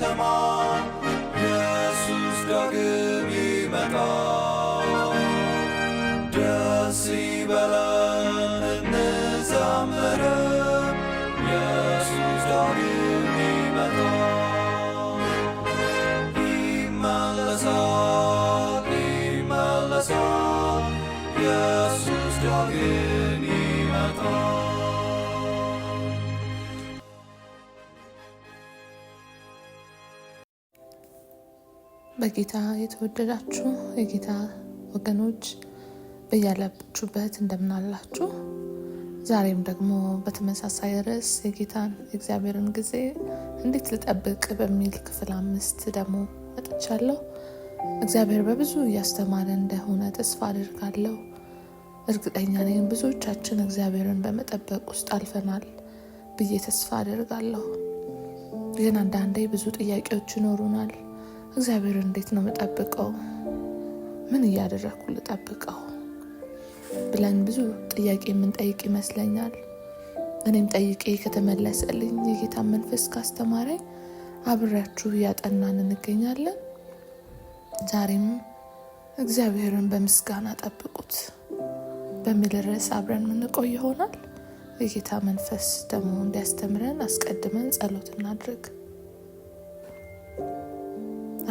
on. በጌታ የተወደዳችሁ የጌታ ወገኖች በያላችሁበት እንደምናላችሁ፣ ዛሬም ደግሞ በተመሳሳይ ርዕስ የጌታን የእግዚአብሔርን ጊዜ እንዴት ልጠብቅ በሚል ክፍል አምስት ደግሞ መጥቻለሁ። እግዚአብሔር በብዙ እያስተማረ እንደሆነ ተስፋ አድርጋለሁ። እርግጠኛ ነኝ ብዙዎቻችን እግዚአብሔርን በመጠበቅ ውስጥ አልፈናል ብዬ ተስፋ አድርጋለሁ። ግን አንዳንዴ ብዙ ጥያቄዎች ይኖሩናል። እግዚአብሔር እንዴት ነው የምጠብቀው? ምን እያደረግኩ ልጠብቀው ብለን ብዙ ጥያቄ የምንጠይቅ ይመስለኛል። እኔም ጠይቄ ከተመለሰልኝ የጌታ መንፈስ ካስተማረኝ አብሬያችሁ እያጠናን እንገኛለን። ዛሬም እግዚአብሔርን በምስጋና ጠብቁት በሚል ርዕስ አብረን የምንቆይ ይሆናል። የጌታ መንፈስ ደግሞ እንዲያስተምረን አስቀድመን ጸሎት እናድርግ።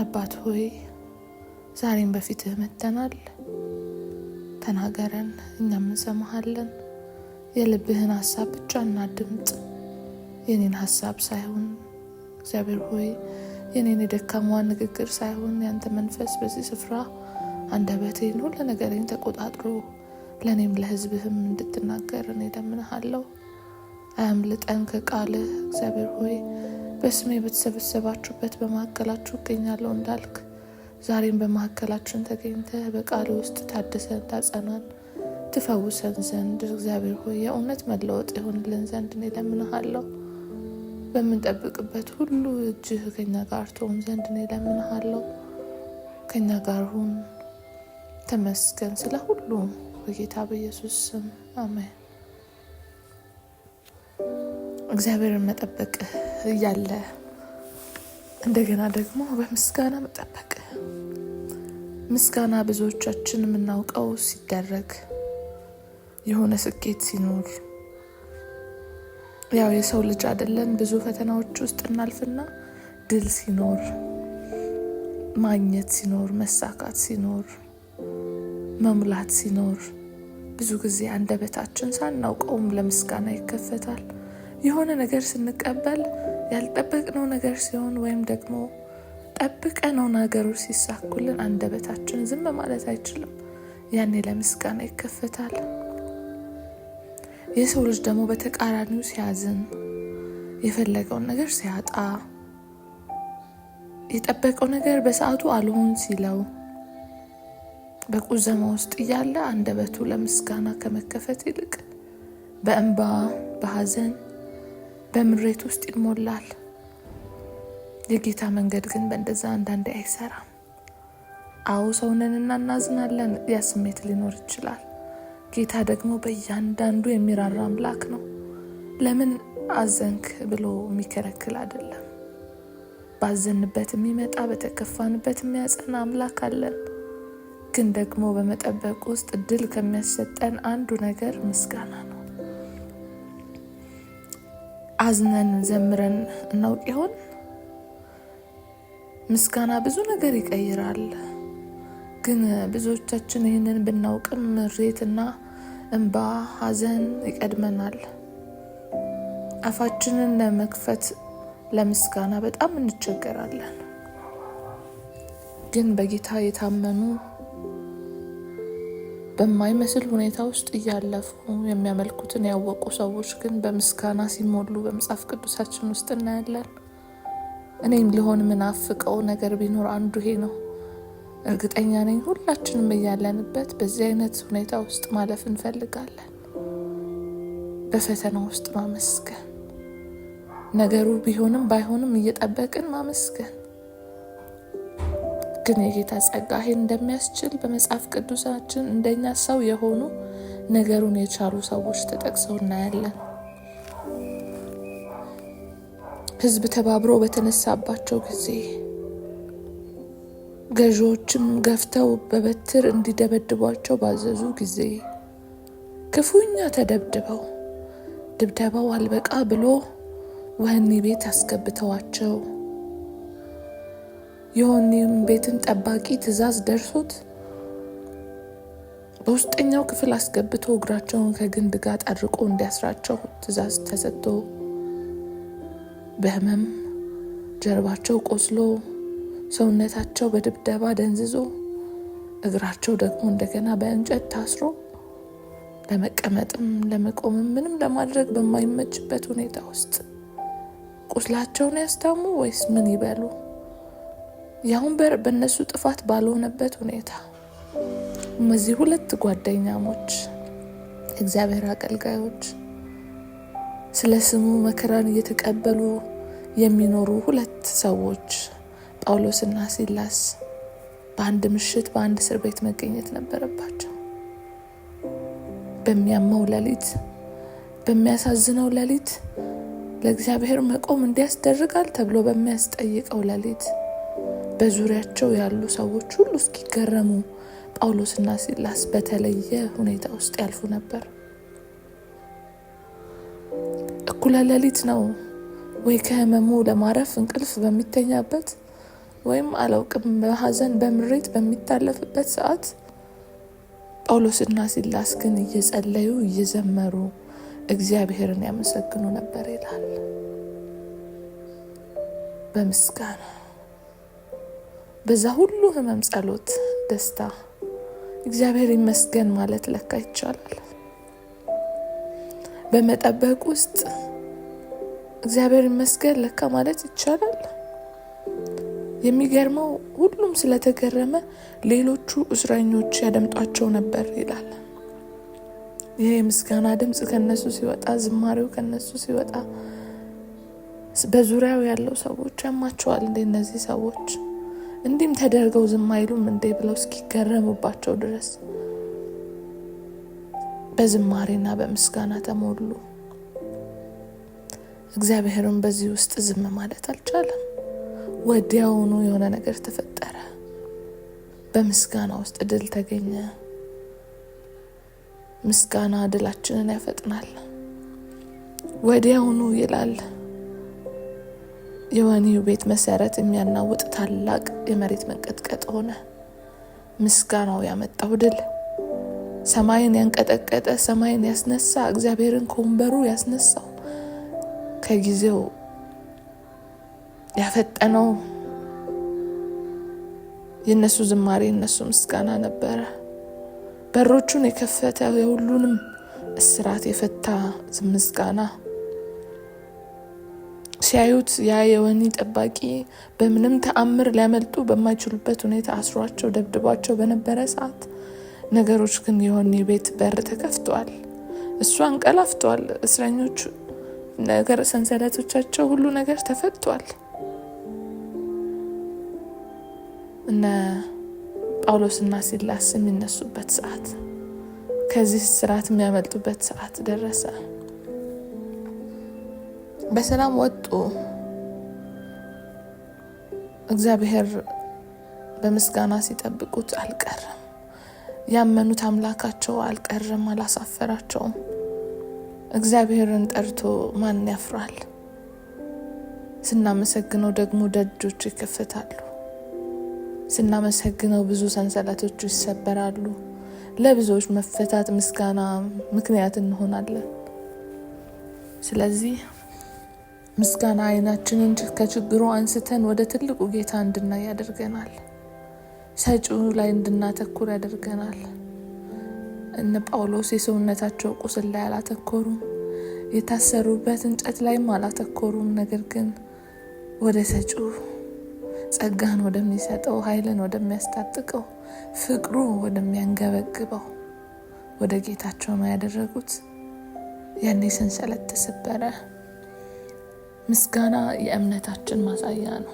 አባት ሆይ ዛሬም በፊትህ መጥተናል። ተናገረን፣ እኛም እንሰማሃለን። የልብህን ሀሳብ ብቻና ድምጥ የኔን ሀሳብ ሳይሆን እግዚአብሔር ሆይ የኔን የደካማዋን ንግግር ሳይሆን ያንተ መንፈስ በዚህ ስፍራ አንደበቴን፣ ሁሉ ነገሬን ተቆጣጥሮ ለእኔም ለህዝብህም እንድትናገር እኔ እለምንሃለሁ። አያምልጠን ከቃልህ እግዚአብሔር ሆይ በስሜ በተሰበሰባችሁበት በመካከላችሁ እገኛለሁ እንዳልክ ዛሬም በመካከላችን ተገኝተ በቃል ውስጥ ታድሰን ታጸናን ትፈውሰን ዘንድ እግዚአብሔር ሆይ የእውነት መለወጥ የሆንልን ዘንድ እኔ ለምንሃለሁ። በምንጠብቅበት ሁሉ እጅህ ከኛ ጋር ትሆን ዘንድ እኔ ለምንሃለሁ። ከኛ ጋር ሁን። ተመስገን ስለ ሁሉም በጌታ በኢየሱስ ስም አሜን። እግዚአብሔርን መጠበቅህ እያለ እንደገና ደግሞ በምስጋና መጠበቅ። ምስጋና ብዙዎቻችን የምናውቀው ሲደረግ የሆነ ስኬት ሲኖር ያው የሰው ልጅ አይደለን ብዙ ፈተናዎች ውስጥ እናልፍና ድል ሲኖር ማግኘት ሲኖር መሳካት ሲኖር መሙላት ሲኖር ብዙ ጊዜ አንደበታችን ሳናውቀውም ለምስጋና ይከፈታል። የሆነ ነገር ስንቀበል ያልጠበቅነው ነገር ሲሆን ወይም ደግሞ ጠብቀነው ነገሮች ሲሳኩልን አንደበታችን ዝም ማለት አይችልም። ያኔ ለምስጋና ይከፈታል። የሰው ልጅ ደግሞ በተቃራኒው ሲያዝን፣ የፈለገውን ነገር ሲያጣ፣ የጠበቀው ነገር በሰዓቱ አልሆን ሲለው በቁዘማ ውስጥ እያለ አንደበቱ ለምስጋና ከመከፈት ይልቅ በእንባ በሐዘን በምሬት ውስጥ ይሞላል። የጌታ መንገድ ግን በእንደዛ አንዳንዴ አይሰራም። አዎ ሰውነንና እናዝናለን። ያ ስሜት ሊኖር ይችላል። ጌታ ደግሞ በእያንዳንዱ የሚራራ አምላክ ነው። ለምን አዘንክ ብሎ የሚከለክል አይደለም። ባዘንበት የሚመጣ በተከፋንበት የሚያጸና አምላክ አለን። ግን ደግሞ በመጠበቅ ውስጥ ድል ከሚያሰጠን አንዱ ነገር ምስጋና ነው። አዝነን ዘምረን እናውቅ ይሆን? ምስጋና ብዙ ነገር ይቀይራል። ግን ብዙዎቻችን ይህንን ብናውቅም ምሬትና እንባ፣ ሐዘን ይቀድመናል። አፋችንን ለመክፈት ለምስጋና በጣም እንቸገራለን። ግን በጌታ የታመኑ በማይመስል ሁኔታ ውስጥ እያለፉ የሚያመልኩትን ያወቁ ሰዎች ግን በምስጋና ሲሞሉ በመጽሐፍ ቅዱሳችን ውስጥ እናያለን። እኔም ሊሆን ምናፍቀው ነገር ቢኖር አንዱ ይሄ ነው። እርግጠኛ ነኝ ሁላችንም እያለንበት በዚህ አይነት ሁኔታ ውስጥ ማለፍ እንፈልጋለን። በፈተና ውስጥ ማመስገን ነገሩ ቢሆንም ባይሆንም እየጠበቅን ማመስገን ግን የጌታ ጸጋ ይህን እንደሚያስችል በመጽሐፍ ቅዱሳችን እንደኛ ሰው የሆኑ ነገሩን የቻሉ ሰዎች ተጠቅሰው እናያለን። ሕዝብ ተባብሮ በተነሳባቸው ጊዜ ገዢዎችም ገፍተው በበትር እንዲደበድቧቸው ባዘዙ ጊዜ ክፉኛ ተደብድበው ድብደባው አልበቃ ብሎ ወህኒ ቤት አስገብተዋቸው የወህኒም ቤትን ጠባቂ ትእዛዝ ደርሶት በውስጠኛው ክፍል አስገብቶ እግራቸውን ከግንድ ጋር ጠርቆ እንዲያስራቸው ትእዛዝ ተሰጥቶ በህመም ጀርባቸው ቆስሎ ሰውነታቸው በድብደባ ደንዝዞ እግራቸው ደግሞ እንደገና በእንጨት ታስሮ ለመቀመጥም ለመቆምም ምንም ለማድረግ በማይመችበት ሁኔታ ውስጥ ቁስላቸውን ያስታሙ ወይስ ምን ይበሉ? ያሁን በር በእነሱ ጥፋት ባልሆነበት ሁኔታ እነዚህ ሁለት ጓደኛሞች እግዚአብሔር አገልጋዮች ስለ ስሙ መከራን እየተቀበሉ የሚኖሩ ሁለት ሰዎች ጳውሎስና ሲላስ በአንድ ምሽት በአንድ እስር ቤት መገኘት ነበረባቸው። በሚያመው ለሊት በሚያሳዝነው ለሊት ለእግዚአብሔር መቆም እንዲያስደርጋል ተብሎ በሚያስጠይቀው ለሊት በዙሪያቸው ያሉ ሰዎች ሁሉ እስኪገረሙ ጳውሎስና ሲላስ በተለየ ሁኔታ ውስጥ ያልፉ ነበር። እኩለ ሌሊት ነው ወይ ከህመሙ ለማረፍ እንቅልፍ በሚተኛበት ወይም አላውቅም በሀዘን በምሬት በሚታለፍበት ሰዓት ጳውሎስና ሲላስ ግን እየጸለዩ እየዘመሩ እግዚአብሔርን ያመሰግኑ ነበር ይላል በምስጋና በዛ ሁሉ ህመም ጸሎት፣ ደስታ እግዚአብሔር ይመስገን ማለት ለካ ይቻላል። በመጠበቅ ውስጥ እግዚአብሔር ይመስገን ለካ ማለት ይቻላል። የሚገርመው ሁሉም ስለተገረመ ሌሎቹ እስረኞች ያደምጧቸው ነበር ይላል። ይህ የምስጋና ድምፅ ከነሱ ሲወጣ፣ ዝማሬው ከነሱ ሲወጣ፣ በዙሪያው ያለው ሰዎች ያማቸዋል። እንደነዚህ ሰዎች እንዲህም ተደርገው ዝም አይሉም እንዴ ብለው እስኪገረሙባቸው ድረስ በዝማሬና በምስጋና ተሞሉ። እግዚአብሔርን በዚህ ውስጥ ዝም ማለት አልቻለም። ወዲያውኑ የሆነ ነገር ተፈጠረ። በምስጋና ውስጥ ድል ተገኘ። ምስጋና ድላችንን ያፈጥናል። ወዲያውኑ ይላል የወህኒው ቤት መሰረት የሚያናውጥ ታላቅ የመሬት መንቀጥቀጥ ሆነ። ምስጋናው ያመጣው ድል ሰማይን ያንቀጠቀጠ ሰማይን ያስነሳ እግዚአብሔርን ከወንበሩ ያስነሳው ከጊዜው ያፈጠነው የእነሱ ዝማሬ የእነሱ ምስጋና ነበረ። በሮቹን የከፈተ የሁሉንም እስራት የፈታ ምስጋና ሲያዩት ያ የወህኒ ጠባቂ በምንም ተአምር ሊያመልጡ በማይችሉበት ሁኔታ አስሯቸው ደብድቧቸው በነበረ ሰዓት ነገሮች ግን የወህኒ ቤት በር ተከፍተዋል። እሱ አንቀላፍተዋል። እስረኞቹ ነገር ሰንሰለቶቻቸው፣ ሁሉ ነገር ተፈቷል። እነ ጳውሎስና ሲላስ የሚነሱበት ሰዓት፣ ከዚህ ስርዓት የሚያመልጡበት ሰዓት ደረሰ። በሰላም ወጡ። እግዚአብሔር በምስጋና ሲጠብቁት አልቀረም። ያመኑት አምላካቸው አልቀረም፣ አላሳፈራቸውም። እግዚአብሔርን ጠርቶ ማን ያፍራል? ስናመሰግነው ደግሞ ደጆች ይከፈታሉ። ስናመሰግነው ብዙ ሰንሰለቶቹ ይሰበራሉ። ለብዙዎች መፈታት ምስጋና ምክንያት እንሆናለን። ስለዚህ ምስጋና አይናችንን ከችግሩ አንስተን ወደ ትልቁ ጌታ እንድናይ ያደርገናል። ሰጪው ላይ እንድናተኩር ያደርገናል። እነ ጳውሎስ የሰውነታቸው ቁስል ላይ አላተኮሩም፣ የታሰሩበት እንጨት ላይም አላተኮሩም። ነገር ግን ወደ ሰጪው ጸጋን ወደሚሰጠው፣ ኃይልን ወደሚያስታጥቀው፣ ፍቅሩ ወደሚያንገበግበው ወደ ጌታቸው ነው ያደረጉት። ያኔ ሰንሰለት ተሰበረ። ምስጋና የእምነታችን ማሳያ ነው።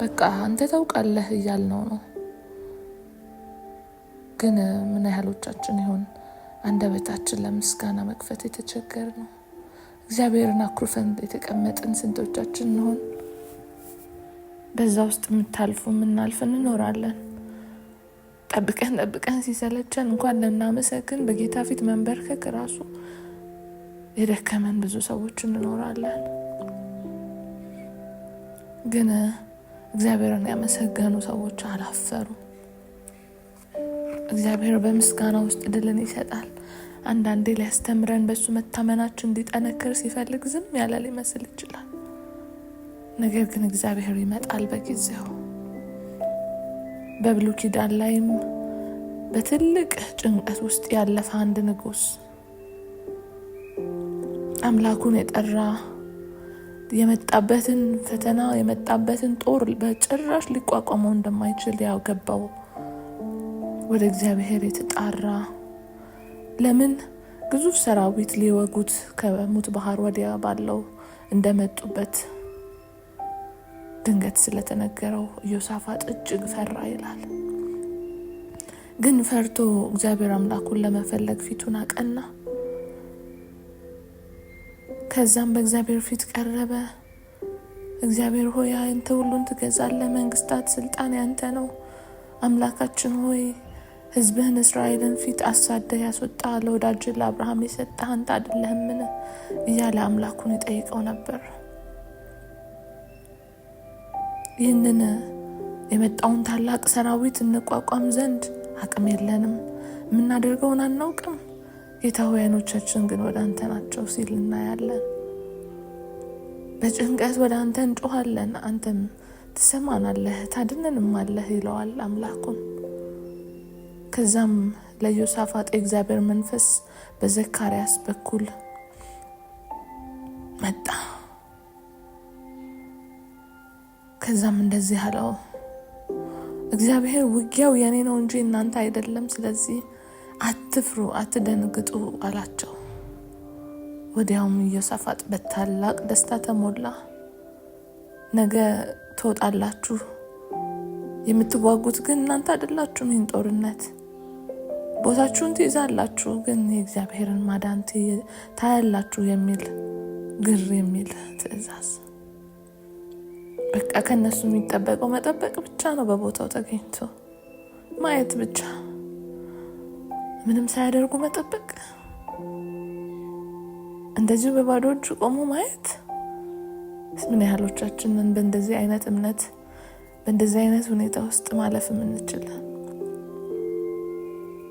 በቃ አንተ ታውቃለህ እያልነው ነው። ግን ምን ያህሎቻችን ይሆን አንደበታችን ለምስጋና መክፈት የተቸገር ነው? እግዚአብሔርን አኩርፈን የተቀመጥን ስንቶቻችን እንሆን? በዛ ውስጥ የምታልፉ የምናልፍ እንኖራለን። ጠብቀን ጠብቀን ሲሰለቸን እንኳን ልናመሰግን በጌታ ፊት መንበርከክ ራሱ የደከመን ብዙ ሰዎች እንኖራለን። ግን እግዚአብሔርን ያመሰገኑ ሰዎች አላፈሩ። እግዚአብሔር በምስጋና ውስጥ ድልን ይሰጣል። አንዳንዴ ሊያስተምረን በእሱ መታመናችን እንዲጠነክር ሲፈልግ ዝም ያለ ሊመስል ይችላል። ነገር ግን እግዚአብሔር ይመጣል በጊዜው። በብሉ ኪዳን ላይም በትልቅ ጭንቀት ውስጥ ያለፈ አንድ ንጉስ አምላኩን የጠራ የመጣበትን ፈተና የመጣበትን ጦር በጭራሽ ሊቋቋመው እንደማይችል ያው ገባው። ወደ እግዚአብሔር የተጣራ ለምን ግዙፍ ሰራዊት ሊወጉት ከሙት ባህር ወዲያ ባለው እንደመጡበት ድንገት ስለተነገረው ኢዮሳፋጥ እጅግ ፈራ ይላል። ግን ፈርቶ እግዚአብሔር አምላኩን ለመፈለግ ፊቱን አቀና። ከዛም በእግዚአብሔር ፊት ቀረበ። እግዚአብሔር ሆይ አንተ ሁሉን ትገዛለህ፣ መንግስታት፣ ስልጣን ያንተ ነው። አምላካችን ሆይ ህዝብህን እስራኤልን ፊት አሳደህ ያስወጣ ለወዳጅ ለአብርሃም የሰጠህ አንተ አይደለህምን? እያለ አምላኩን ይጠይቀው ነበር። ይህንን የመጣውን ታላቅ ሰራዊት እንቋቋም ዘንድ አቅም የለንም፣ የምናደርገውን አናውቅም ጌታውያኖቻችን ግን ወደ አንተ ናቸው ሲል እናያለን። በጭንቀት ወደ አንተ እንጮኋለን፣ አንተም ትሰማናለህ፣ ታድነንም አለህ ይለዋል አምላኩን። ከዛም ለዮሳፋጥ የእግዚአብሔር መንፈስ በዘካርያስ በኩል መጣ። ከዛም እንደዚህ አለው፣ እግዚአብሔር ውጊያው የኔ ነው እንጂ እናንተ አይደለም። ስለዚህ አትፍሩ፣ አትደንግጡ አላቸው። ወዲያውም ኢዮሳፋጥ በታላቅ ደስታ ተሞላ። ነገ ትወጣላችሁ፣ የምትዋጉት ግን እናንተ አይደላችሁም። ይህን ጦርነት ቦታችሁን ትይዛላችሁ፣ ግን የእግዚአብሔርን ማዳን ታያላችሁ የሚል ግር የሚል ትዕዛዝ። በቃ ከእነሱ የሚጠበቀው መጠበቅ ብቻ ነው። በቦታው ተገኝቶ ማየት ብቻ ምንም ሳያደርጉ መጠበቅ፣ እንደዚሁ በባዶ እጅ ቆሞ ማየት ምን ያህሎቻችንን በእንደዚህ አይነት እምነት በእንደዚህ አይነት ሁኔታ ውስጥ ማለፍ የምንችል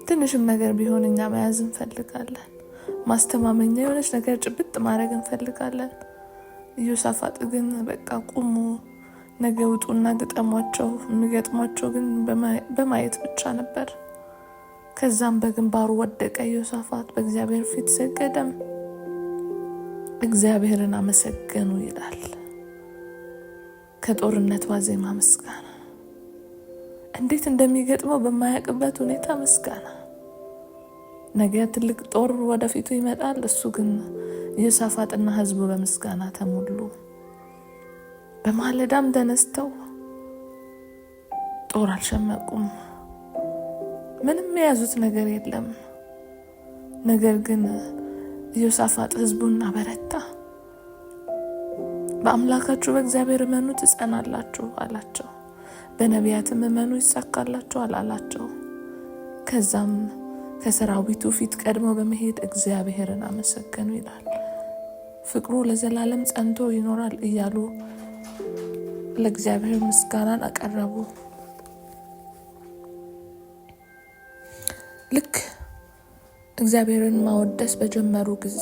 ትንሽም ነገር ቢሆን እኛ መያዝ እንፈልጋለን። ማስተማመኛ የሆነች ነገር ጭብጥ ማድረግ እንፈልጋለን። ኢዮሳፋጥ ግን በቃ ቁሙ፣ ነገ ውጡና ግጠሟቸው። የሚገጥሟቸው ግን በማየት ብቻ ነበር። ከዛም በግንባሩ ወደቀ። ዮሳፋት በእግዚአብሔር ፊት ሰገደም፣ እግዚአብሔርን አመሰገኑ ይላል። ከጦርነት ዋዜማ ምስጋና፣ እንዴት እንደሚገጥመው በማያውቅበት ሁኔታ ምስጋና። ነገ ትልቅ ጦር ወደፊቱ ይመጣል። እሱ ግን ዮሳፋጥና ህዝቡ በምስጋና ተሞሉ። በማለዳም ተነስተው ጦር አልሸመቁም። ምንም የያዙት ነገር የለም። ነገር ግን ኢዮሳፋጥ ህዝቡን አበረታ። በአምላካችሁ በእግዚአብሔር እመኑ ትጸናላችሁ አላቸው። በነቢያትም እመኑ ይሳካላችኋል አላቸው። ከዛም ከሰራዊቱ ፊት ቀድሞ በመሄድ እግዚአብሔርን አመሰገኑ ይላል። ፍቅሩ ለዘላለም ጸንቶ ይኖራል እያሉ ለእግዚአብሔር ምስጋናን አቀረቡ። እግዚአብሔርን ማወደስ በጀመሩ ጊዜ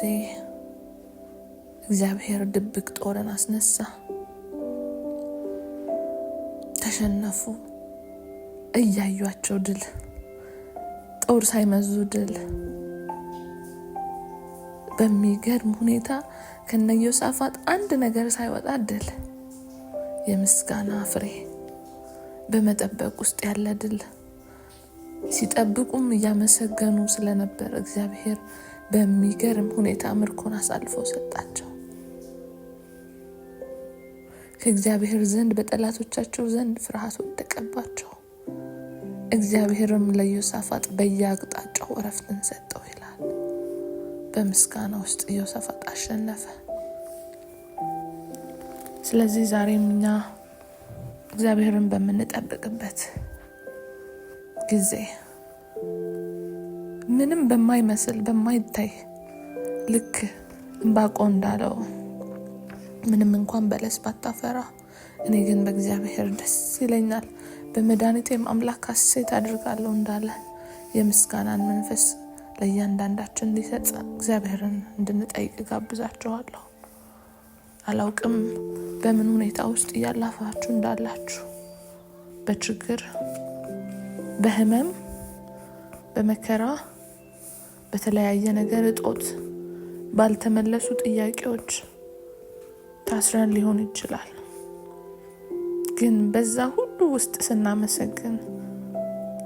እግዚአብሔር ድብቅ ጦርን አስነሳ። ተሸነፉ። እያዩቸው ድል ጦር ሳይመዙ ድል በሚገርም ሁኔታ ከነዮሳፋጥ አንድ ነገር ሳይወጣ ድል የምስጋና ፍሬ በመጠበቅ ውስጥ ያለ ድል ሲጠብቁም እያመሰገኑ ስለነበር እግዚአብሔር በሚገርም ሁኔታ ምርኮን አሳልፎ ሰጣቸው። ከእግዚአብሔር ዘንድ በጠላቶቻቸው ዘንድ ፍርሃት ወደቀባቸው። እግዚአብሔርም ለዮሳፋጥ በየአቅጣጫው እረፍትን ሰጠው ይላል። በምስጋና ውስጥ ዮሳፋጥ አሸነፈ። ስለዚህ ዛሬም እኛ እግዚአብሔርን በምንጠብቅበት ጊዜ ምንም በማይመስል በማይታይ ልክ እንባቆ እንዳለው ምንም እንኳን በለስ ባታፈራ እኔ ግን በእግዚአብሔር ደስ ይለኛል፣ በመድኃኒቴም አምላክ አሴት አድርጋለሁ እንዳለ የምስጋናን መንፈስ ለእያንዳንዳችን እንዲሰጥ እግዚአብሔርን እንድንጠይቅ ጋብዛችኋለሁ። አላውቅም በምን ሁኔታ ውስጥ እያላፋችሁ እንዳላችሁ በችግር በህመም በመከራ በተለያየ ነገር እጦት ባልተመለሱ ጥያቄዎች ታስረን ሊሆን ይችላል። ግን በዛ ሁሉ ውስጥ ስናመሰግን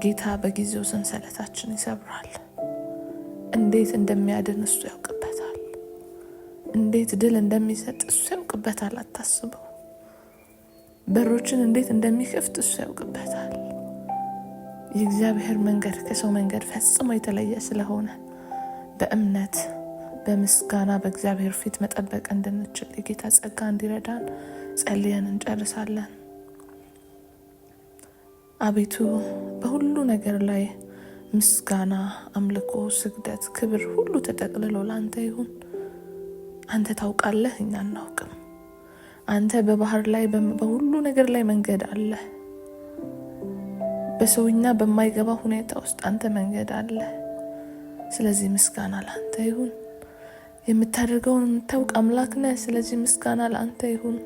ጌታ በጊዜው ሰንሰለታችን ይሰብራል። እንዴት እንደሚያድን እሱ ያውቅበታል። እንዴት ድል እንደሚሰጥ እሱ ያውቅበታል። አታስበው። በሮችን እንዴት እንደሚከፍት እሱ ያውቅበታል። የእግዚአብሔር መንገድ ከሰው መንገድ ፈጽሞ የተለየ ስለሆነ በእምነት በምስጋና በእግዚአብሔር ፊት መጠበቅ እንድንችል የጌታ ጸጋ እንዲረዳን ጸልየን እንጨርሳለን። አቤቱ በሁሉ ነገር ላይ ምስጋና፣ አምልኮ፣ ስግደት፣ ክብር ሁሉ ተጠቅልሎ ለአንተ ይሁን። አንተ ታውቃለህ፣ እኛ አናውቅም። አንተ በባህር ላይ በሁሉ ነገር ላይ መንገድ አለህ። በሰውኛ በማይገባ ሁኔታ ውስጥ አንተ መንገድ አለ። ስለዚህ ምስጋና ለአንተ ይሁን። የምታደርገውን የምታውቅ አምላክ ነህ። ስለዚህ ምስጋና ለአንተ ይሁን።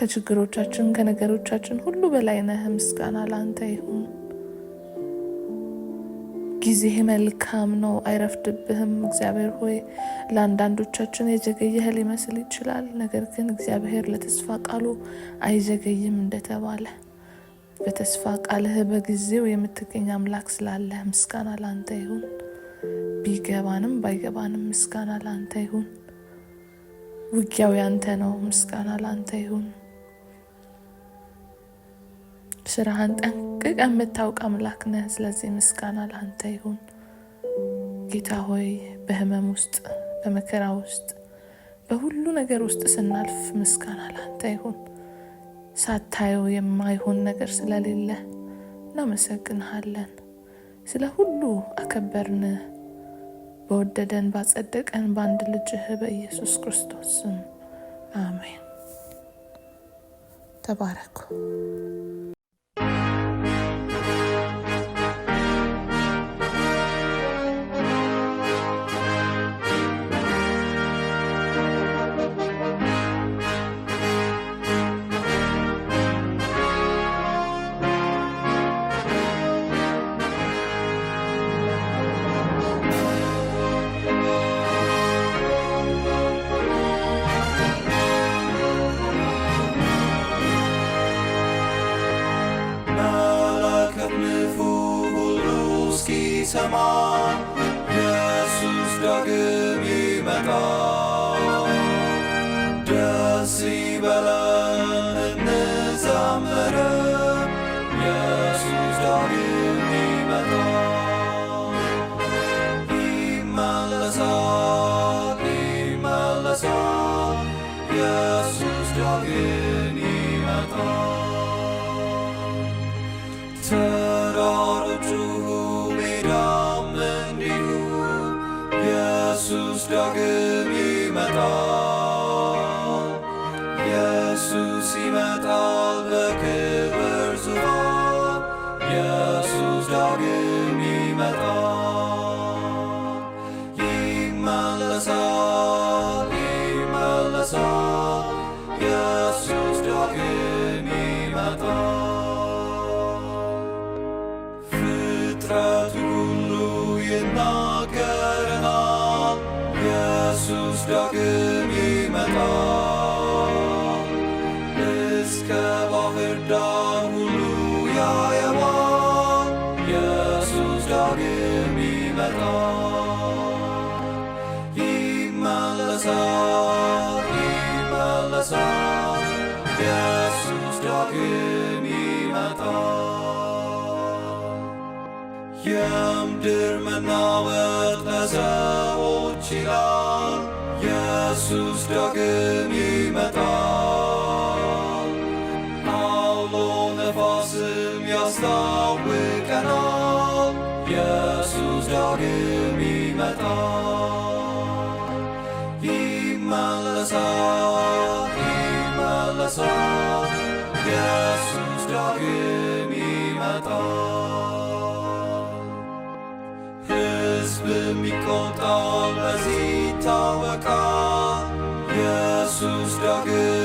ከችግሮቻችን ከነገሮቻችን ሁሉ በላይ ነህ። ምስጋና ለአንተ ይሁን። ጊዜህ መልካም ነው፣ አይረፍድብህም። እግዚአብሔር ሆይ ለአንዳንዶቻችን የዘገየህ ሊመስል ይችላል። ነገር ግን እግዚአብሔር ለተስፋ ቃሉ አይዘገይም እንደተባለ በተስፋ ቃልህ በጊዜው የምትገኝ አምላክ ስላለህ ምስጋና ላንተ ይሁን። ቢገባንም ባይገባንም ምስጋና ላንተ ይሁን። ውጊያው ያንተ ነው። ምስጋና ላንተ ይሁን። ስራህን ጠንቅቀ የምታውቅ አምላክ ነህ። ስለዚህ ምስጋና ላንተ ይሁን። ጌታ ሆይ በህመም ውስጥ በመከራ ውስጥ በሁሉ ነገር ውስጥ ስናልፍ ምስጋና ላንተ ይሁን። ሳታየው የማይሆን ነገር ስለሌለ እናመሰግንሃለን። ስለ ሁሉ አከበርን። በወደደን ባጸደቀን በአንድ ልጅህ በኢየሱስ ክርስቶስ ስም አሜን። ተባረኩ። ስንሰማ ኢየሱስ ዳግም ይመጣ ደስ ይበላ ኢየሱስ ይመጣል ይመለሳል ይመለሳል ይመለሳል ኢየሱስ ዳግም ይመጣል። የምድር መናወጥ ለሰዎች ይላል ኢየሱስ ዳግም ዳግም ይመጣል። ሕዝብም ይቆጣል፣ በዚህ ይታወቃል ኢየሱስ ዳግም